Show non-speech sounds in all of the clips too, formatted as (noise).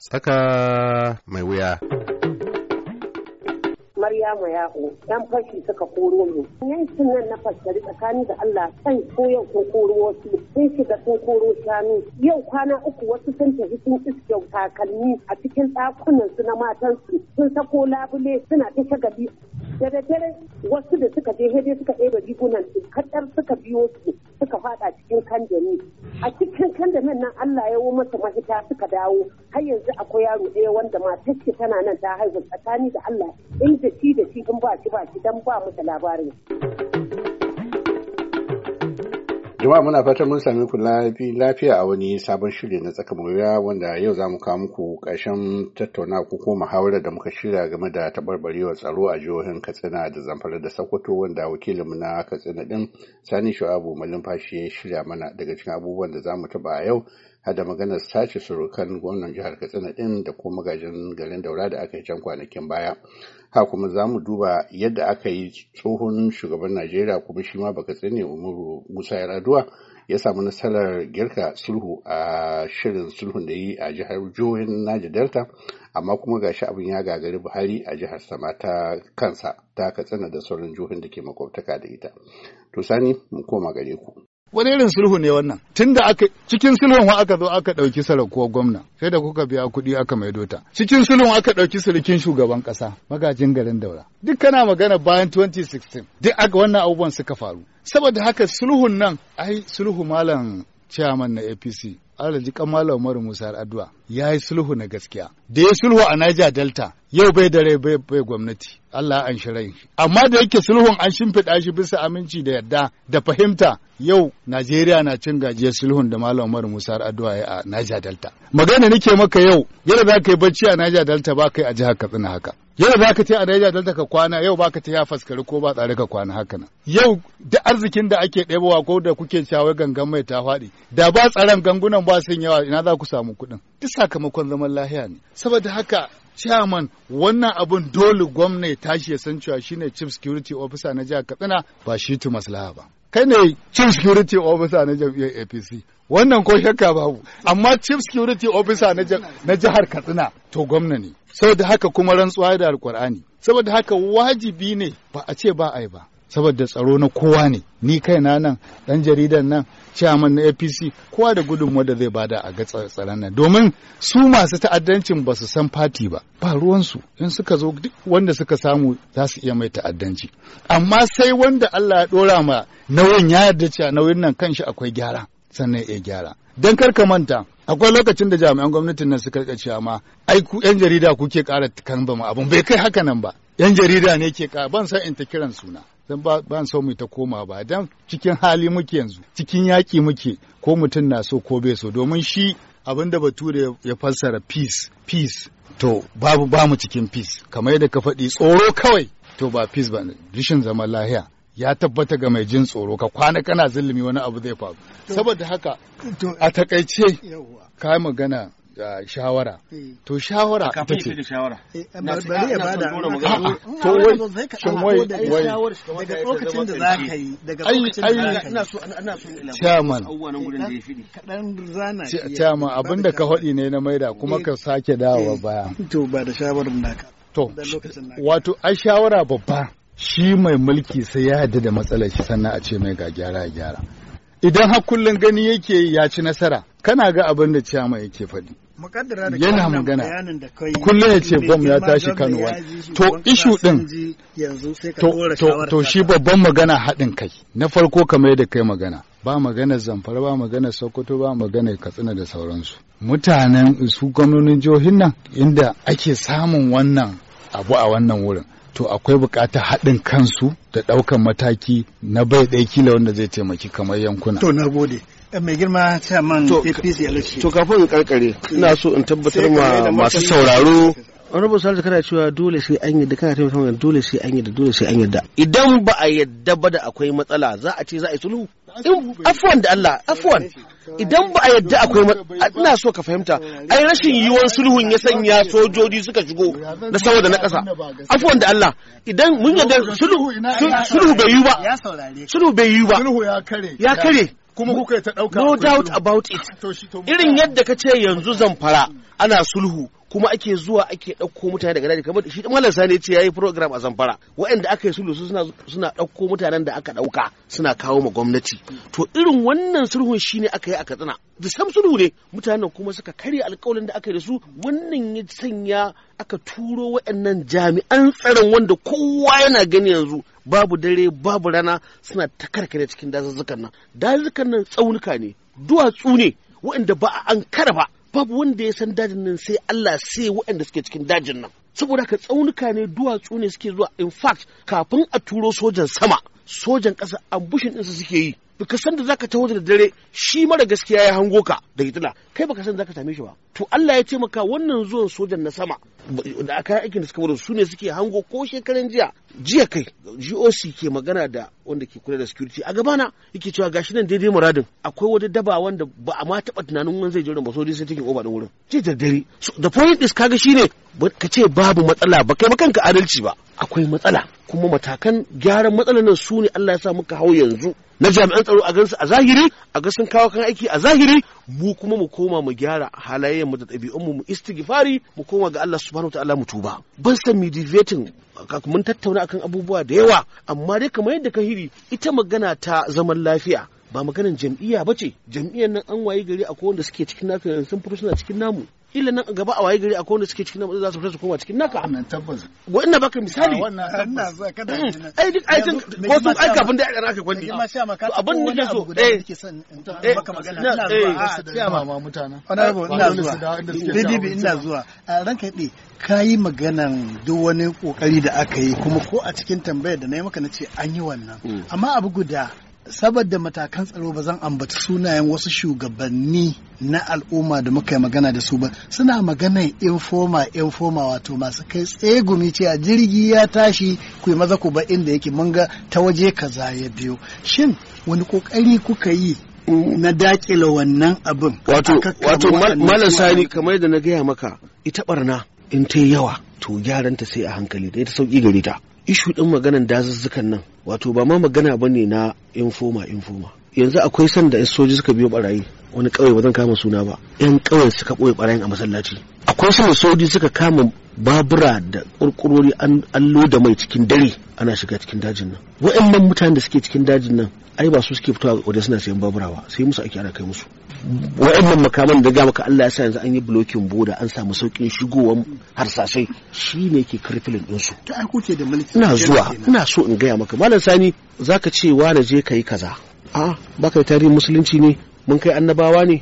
Tsaka mai wuya. Maryamu Yahu, ‘yan fashi suka koro mu. Yankin nan na fassari tsakani da Allah san ko yau sun koro wasu, sun shiga sun koro shanu. Yau kwana uku wasu sun tafi sun iske takalmi a cikin ɗakunan su na su sun sako labule suna ta shagali. Da dare wasu da suka je hede suka ɗeba rigunan su, kaɗar suka biyo su, suka faɗa cikin kanjani. masa mahita suka dawo har yanzu akwai yaro ɗaya wanda matar ce tana nan ta haihu tsakani da Allah in da shi da shi in ba shi ba shi dan ba mu da labarin. Jama'a muna fatan mun sami ku lafiya a wani sabon shirya na tsaka wuya wanda yau za mu kawo muku ƙarshen tattauna ko ko muhawara da muka shirya game da taɓarɓarewar tsaro a jihohin Katsina da Zamfara da Sokoto wanda wakilinmu na Katsina ɗin Sani Shu'abu fashi ya shirya mana daga cikin abubuwan da za mu taɓa a yau har da maganar sace surukan gwamnan jihar Katsina ɗin da kuma magajin garin Daura da aka yi can kwanakin baya. ha kuma za mu duba yadda aka yi tsohon shugaban najeriya kuma shi ma baka tsine umaru musa raduwa? ya samu nasarar girka sulhu a shirin sulhun da yi a jihar jihohin Naji delta amma kuma ga shi abin ya gagari buhari a jihar sama ta kansa ta katsina da sauran jihohin da ke makwabtaka da ita to sani mu koma gare ku wani irin sulhu ne wannan tunda aka cikin sulhun wa aka zo aka ɗauki sarakuwar gwamna sai da kuka biya kuɗi aka maido ta cikin sulhun aka ɗauki sulkin shugaban ƙasa magajin garin daura duk kana magana bayan 2016 duk aka wannan abubuwan suka faru saboda haka sulhun nan ai sulhu malam chairman na APC Alhaji Malam Umar Musa Addu'a ya yi sulhu na gaskiya da ya sulhu a Niger Delta yau bai da rai bai gwamnati Allah an shi rai amma da yake sulhun an shimfiɗa shi bisa aminci da yadda da fahimta yau Najeriya na cin gajiyar sulhun da Malam Umar Musa Addu'a ya a Niger Delta magana nake maka yau yadda za ka yi bacci a Niger Delta ba kai a jihar Katsina haka yau za ka ce a Niger Delta ka kwana yau ba ka ta ya faskari ko ba tsare ka kwana haka nan yau da arzikin da ake ɗebowa ko da kuke shawai gangan mai ta faɗi da ba tsaron gangunan ba sun yawa ina za ku samu kuɗin duk sakamakon zaman lahiya ne saboda haka chairman wannan abun dole gwamna ya tashi ya san cewa shine chief security officer na jihar katsina ba shi tu maslaha ba kai ne chief security officer na jam'iyyar apc wannan ko shakka babu amma chief security officer na jihar katsina to gwamna ne saboda haka kuma rantsuwa da alkur'ani saboda haka wajibi ne ba a ce ba a yi ba saboda tsaro na kowa ne ni kaina nan dan jaridan nan chairman na apc kowa da gudunmuwa da zai bada a ga tsaron nan domin su masu ta'addancin ba su san fati ba ba ruwansu in suka zo duk wanda suka samu za su iya mai ta'addanci amma sai wanda allah ya dora ma nauyin ya yarda cewa nauyin nan kanshi akwai gyara sannan ya gyara kar ka manta akwai lokacin da jami'an gwamnatin nan suka rika cewa ma ai ku yan jarida kuke kara kan ba abun bai kai haka nan ba yan jarida ne ke ƙara ban san in ta kiran suna don ba ban so mu ta koma ba dan cikin hali muke yanzu cikin yaƙi muke ko mutum na so ko bai so domin shi abin da bature ya fassara peace peace to babu ba mu cikin peace kamar yadda ka faɗi tsoro kawai to ba peace ba rishin zaman lahiya ya tabbata ga mai jin tsoro ka kwana kana zulumi wani abu zai faru saboda haka a takaice ka magana shawara eh. to shawara eh, ita ce eh, ya bada ah, to ah, wai shin wai wai daga lokacin da yi daga lokacin da so chairman zana chairman abinda ka haɗi ne na maida kuma ka sake dawowa baya (laughs) to ba da shawarar naka to wato ai shawara babba shi mai mulki sai ya yarda da matsalar shi sannan a ce mai ga gyara gyara idan har kullum gani yake ya ci nasara kana ga abin da ciyama yake faɗi yana magana kullum ya ce bom ya tashi Kano to ishu din to shi babban magana haɗin kai na farko kamar yadda kai magana ba magana zamfara ba magana sokoto ba magana katsina da sauransu mutanen su gwamnonin jihohin nan inda ake samun wannan abu a wannan wurin to akwai bukatar haɗin kansu da ɗaukan mataki na bai ɗaya kila wanda zai taimaki kamar yankuna. To na gode. Eh, mai girma man APC To kafin in karkare ina so in tabbatar ma masu sauraro honorable salisu kana cewa dole sai an yadda kana taimaka mana dole sai an yadda dole sai an yadda idan ba a yadda ba da akwai matsala za a ce za a yi sulhu afuwan da Allah afuwan idan ba a yadda akwai ina so ka fahimta ai rashin yiwuwar sulhun ya sanya sojoji suka shigo na saboda na ƙasa afuwan da Allah idan mun yadda sulhu sulhu bai yi ba sulhu bai yi ba ya kare kuma kuka ta dauka no doubt about it irin yadda kace ce yanzu zamfara ana sulhu kuma ake zuwa ake ɗauko mutane daga daji kamar shi malam sani ce yayi program a zamfara waɗanda aka yi sulhu suna suna ɗauko mutanen da aka ɗauka suna kawo ma gwamnati to irin wannan sulhun shine aka yi a Katsina da sam sulhu ne mutanen kuma suka karya alƙawarin da aka yi da su wannan ya sanya aka turo waɗannan jami'an tsaron wanda kowa yana gani yanzu babu dare babu rana suna ta karkare cikin dazuzzukan nan dazuzzukan nan tsaunuka ne duwatsu ne waɗanda ba a ankara ba babu wanda ya san dajin nan sai Allah sai waɗanda suke cikin dajin nan saboda ka tsaunuka ne duwatsu ne suke zuwa in fact kafin a turo sojan sama sojan ƙasa ambushin ɗinsu suke yi baka san da zaka taho da dare shi mara gaskiya ya hango ka da hitila kai baka san zaka same shi ba to Allah ya taimaka wannan zuwan sojan na sama da aka yi aikin da suka su ne suke hango ko shekaran jiya jiya kai GOC ke magana da wanda ke kula da security a gabana yake cewa gashi nan daidai muradin akwai wata daba wanda ba a ma taba tunanin wani zai jira ba sojoji sai take oba da wurin jiya da dare the point is kaga shine ka ce babu matsala ba kai kan kanka adalci ba akwai matsala kuma matakan gyaran matsalan nan su ne Allah ya sa muka hau yanzu na jami'an tsaro a gansu a zahiri a ga sun kawo kan aiki a zahiri mu kuma mu koma mu gyara halayen mu da ɗabi'un mu mu istighfari mu koma ga Allah subhanahu wataala mu tuba ban san mediating mun tattauna akan abubuwa da yawa amma dai kamar yadda ka hiri ita magana ta zaman lafiya ba maganin jam'iyya ba ce jam'iyyar nan an waye gari akwai wanda suke cikin nasu sun fito suna cikin namu kila nan gaba a waye gari akwai wanda suke cikin nan za su fita su koma cikin naka wannan tabbas wa ina baka misali wannan tabbas mm. ai duk ai wasu ai kafin da abin da nake so eh eh maka magana ina eh. zuwa ya mutana ina zuwa bidibi ina zuwa ranka kayi maganan duk wani kokari da aka yi kuma ko a cikin tambayar da na yi maka na ce an yi wannan mm. amma abu guda saboda matakan tsaro ba zan ambaci sunayen wasu shugabanni na al'umma da muka yi magana da su ba suna maganan informa informa wato masu kai tsegumi ce a jirgi ya tashi ku yi maza ku ba inda yake mun ga ta waje kaza ya biyo shin wani kokari kuka yi na dakila wannan abin wato wato malam sani kamar da na gaya maka ita barna in ta yawa to gyaranta sai a hankali da ita sauki gare ta ishu ɗin maganan dazuzzukan nan wato ba ma magana ba ne na infoma infoma yanzu akwai sanda soji suka biyo barayi wani kauye ba zan kama suna ba yan kauyen suka boye barayin a masallaci akwai sanda soji suka kama babura da ƙurƙurori an loda mai cikin dare ana shiga cikin dajin nan wa'annan mutanen da suke cikin dajin nan ai ba su suke fitowa wajen suna sayan babura ba sai musu ake ana kai musu wa'annan makaman da ga maka Allah ya sa yanzu an yi blocking boda an samu saukin shigowar harsashai shine ke kirfilin din su ta kuke da mulki ina zuwa ina so in gaya maka malam sani zaka ce wa na je kai kaza a baka tarihin musulunci ne mun kai annabawa ne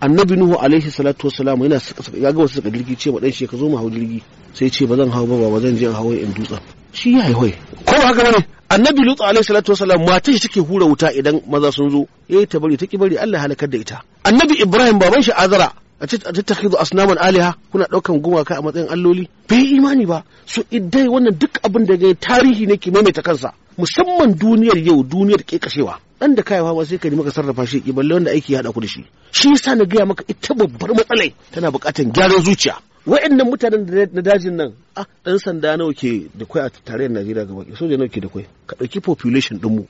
annabi nuhu alaihi salatu wasalam yana ya ga wasu jirgi ce dan shi ka zo mu hau jirgi sai ce ba zan hau ba ba zan je hawo in dutsen shi ya yi hoi ko haka bane annabi lutu alaihi salatu wasalam mata shi take hura wuta idan maza sun zo eh ta bari ta ki bari Allah halakar da ita annabi ibrahim baban shi azara a tattakhidhu asnaman aliha kuna daukan gumaka a matsayin alloli bai yi imani ba so idai wannan duk abin da ga tarihi ne ke maimaita kansa musamman duniyar yau duniyar ke kashewa dan da kayawa ba sai ka ji maka sarrafa shi ki balle wanda aiki ya hada ku da shi shi yasa na gaya maka ita babbar matsalai tana buƙatan gyaran zuciya wa'annan mutanen na dajin nan a ɗan sanda nawa ke da kwai a tarayyar Najeriya gaba ke soja nawa ke da kwai ka ɗauki population ɗinmu.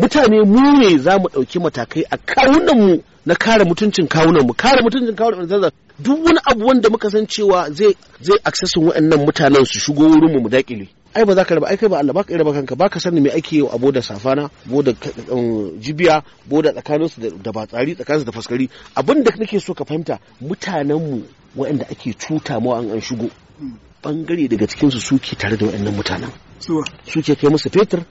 mutane mu ne za mu ɗauki matakai a kawunan mu na kare mutuncin kawunan mu kare mutuncin kawunan mu duk wani abu wanda muka san cewa zai zai accessin wa'annan mutanen su shigo wurin mu mu dakile ai ba za ka raba ai kai ba Allah ba ka raba kanka ba ka sani me ake yau a boda safana boda um, jibiya boda tsakaninsu da batsari tsakaninsu da faskari abin da nake so ka fahimta mutanen mu waɗanda ake cuta mawa an an shigo bangare daga cikinsu suke tare da waɗannan mutanen suke kai musu fetur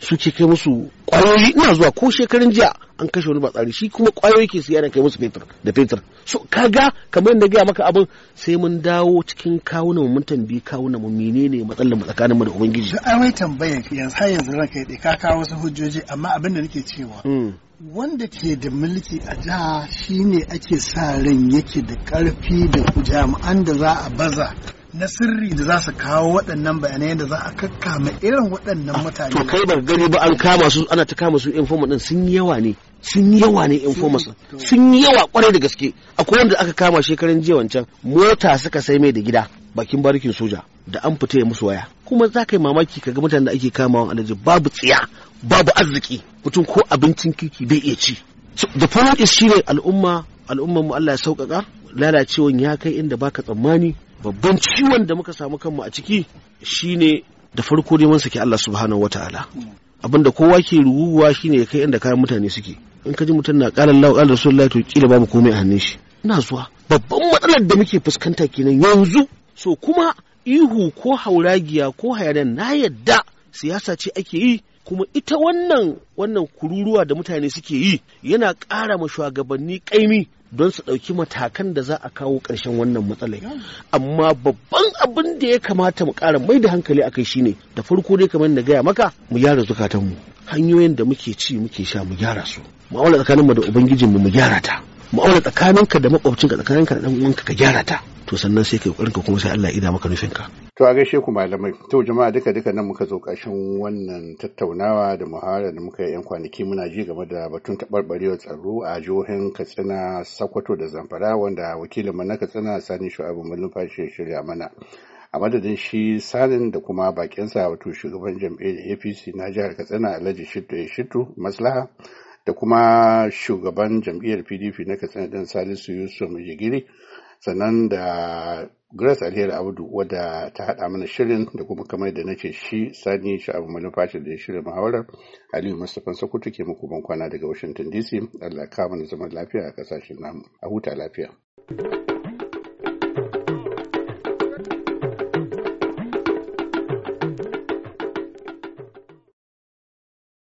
suke kai musu kwayoyi ina zuwa ko shekarun jiya an kashe wani batsari shi kuma kwayoyi ke siyara kai musu fetur da fetur so ga kamar yadda gaya maka abin sai mun dawo cikin mu mun tambayi kawuna mu menene matsalar mu tsakanin mu da ubangiji da ai mai tambaya yanzu har yanzu ranka ya ka kawo wasu hujjoji amma abin da nake cewa hmm. wanda ke da mulki a jiha shine ake sa ran yake da karfi da jami'an da za a baza na sirri da za su kawo waɗannan bayanai da za a kakkama irin waɗannan ah, mutane to kai ba gani ba an kama su ana ta kama su informa din sun yawa ne sun yawa ne informers sun yawa kwarai da gaske akwai wanda aka kama shekaran jiya wancan mota suka sai mai da gida bakin barikin soja da an fita ya musu waya kuma za ka yi mamaki ka ga mutanen da ake kamawa a babu tsiya babu arziki mutum ko abincin kirki bai iya ci the problem is ne al'umma al'ummar mu Allah ya sauƙaƙa lalacewan ya kai inda baka tsammani babban ciwon da muka samu kanmu a ciki shi ne da farko neman sake Allah subhanahu Abin da kowa ke ruwuwa ne ya kai inda kayan mutane suke in ka ji mutum na ƙalan lawa ƙalan rasulullahi to kila babu komai a hannun shi ina zuwa babban matsalar da muke fuskanta kenan yanzu so kuma ihu ko hauragiya ko hayaniya na yadda siyasa ce ake yi kuma ita wannan wannan kururuwa da mutane suke yi yana ƙara ma shugabanni ƙaimi don su ɗauki matakan da za a kawo ƙarshen wannan matsalai amma babban abin da ya kamata mu ƙara mai da hankali a kai shine da farko dai kamar na gaya maka mu gyara zukatanmu hanyoyin da muke ci muke sha mu gyara su mu'amala tsakaninmu da ubangijinmu mu gyara ta mu'amala tsakaninka da makwabcinka tsakaninka da ɗan uwanka ka gyara ta to sannan sai ka yi kuma sai Allah ya ida maka nufinka To a gaishe ku malamai, to jama'a duka duka nan muka zo ƙarshen wannan tattaunawa da muhara da muka yi 'yan kwanaki muna ji game da batun taɓarɓarewar tsaro a jihohin Katsina, Sokoto da Zamfara wanda wakilin na Katsina Sani Shu'abu Malumfashi ya shirya mana. A madadin shi Sanin da kuma bakinsa wato shugaban jam'iyyar APC na jihar Katsina Alhaji Shittu ya Shittu Maslaha da kuma shugaban jam'iyyar PDP na Katsina ɗin Salisu Yusuf Mujigiri. sannan da grace alheri abudu wadda ta haɗa mana shirin da kuma kamar da nake shi sani abu mai manufashi da ya shirya muhawarar aliyu mustapha sokoto ke muku ban kwana daga washington dc allah kama da zaman lafiya a kasashen namu a huta lafiya